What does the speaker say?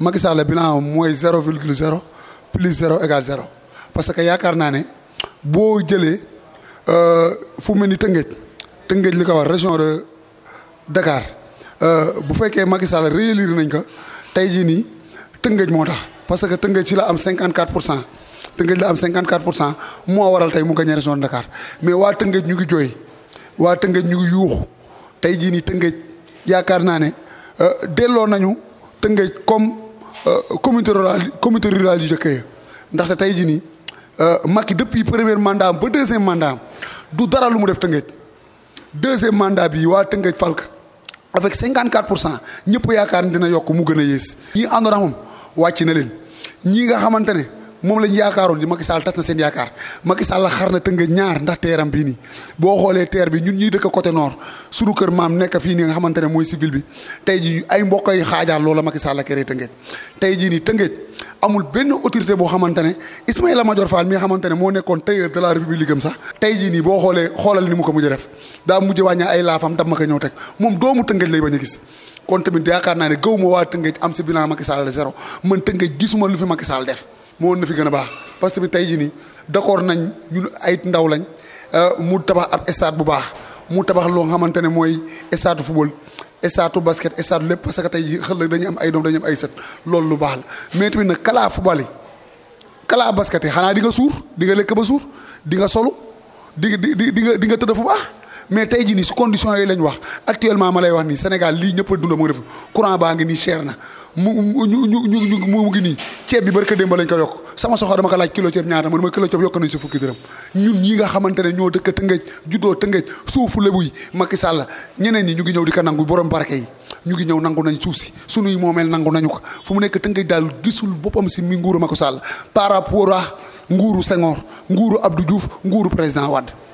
Macky Sall bilan mooy zéro virgule zéro plus zéro égal zéro parce que yaakaar naa ne boo jëlee euh, fu mel ni Tëngéej Tëngéej li ko war région de Dakar euh, bu fekkee Macky Sall réélire nañ ko tey jii nii Tëngéej moo tax parce que Tëngéej ci la am 54 pour cent Tëngéej la am 54 pour cent moo waral tey mu gagné région de Dakar mais waa Tëngéej ñu ngi jooy waa Tëngéej ñu ngi yuuxu tey jii nii Tëngéej yaakaar naa ne euh, delloo nañu Tëngéej comme. Euh, communauté rurale communauté rurale yu jëkkee ndaxte tey jii nii euh, Macky depuis premier mandat ba deuxième mandat du dara lu mu def Tëngéej deuxième mandat bi waa Tëngéej Falk avec 54 pour cent ñëpp yaakaar ni dina yokk mu gën a yées. ñii àndoon ak wàcc na leen ñii nga xamante ne. mom lañ yaakarul di Macky Sall tass na seen yaakar Macky Sall la xarna na tënga ñaar ndax téram bi ni bo xolé teer bi ñun ñi dëkk côté nord suñu kër maam nekk fi ni nga xamantene ne civil bi tay ji ay mbokay yi loolu Macky Sall la kéré tëngeej tey jii ni tëngeej amul benn autorité bo xamantene ne Ismaïla Madior Fall mi nga xamante ne moo nekkoon de la république gam sax tay ji ni bo xolé xolal ni mu ko mujjé def da mujjé wàññi ay laafam dab ma ko ñëw teg moom doomu tëngeej lay bañ gis kon tamit yaakar na ne gëw wa waa tëngeej am ci bilan Macky Sall zéro man tëngeej gisuma lu fi Macky Sall def moo na fi gën a baax parce que bi tey jii nii d'accord nañ ñun ay ndaw lañ euh, mu tabax ab stade bu baax mu tabax loo xamante ne mooy stade football stade basket stade lépp parce que tey jii xëllëg dañuy am ay doom dañuy ay sët loolu lu baax la mais tamit nag kalaa football yi kalaa basket yi xanaa di nga suur di nga lekk ba suur di nga solu di di di nga di nga tëdd fu baax. mais tey jii nii si conditions yooyu lañ wax actuellement ma lay wax nii Sénégal lii ñëpp a dund mu ngi def courant baa ngi nii cher na mu ñu ñu ñu mu ngi nii ceeb bi barka démb lañ ko yokk sama soxla dama ko laaj kilo ceeb ñaata man ma kilo ceeb yokk nañ si fukki dërëm ñun ñi nga xamante ne ñoo dëkk Tëngéej juddoo Tëngéej suufu Lebu yi Macky Sall ñeneen yi ñu ngi ñëw di ko nangu borom barke yi ñu ngi ñëw nangu nañ suuf si sunuy moomeel nangu nañu ko fu mu nekk Tëngéej daal gisul boppam si mi nguuru Macky Sall par rapport à nguuru Senghor nguuru Abdou Diouf nguuru président wadd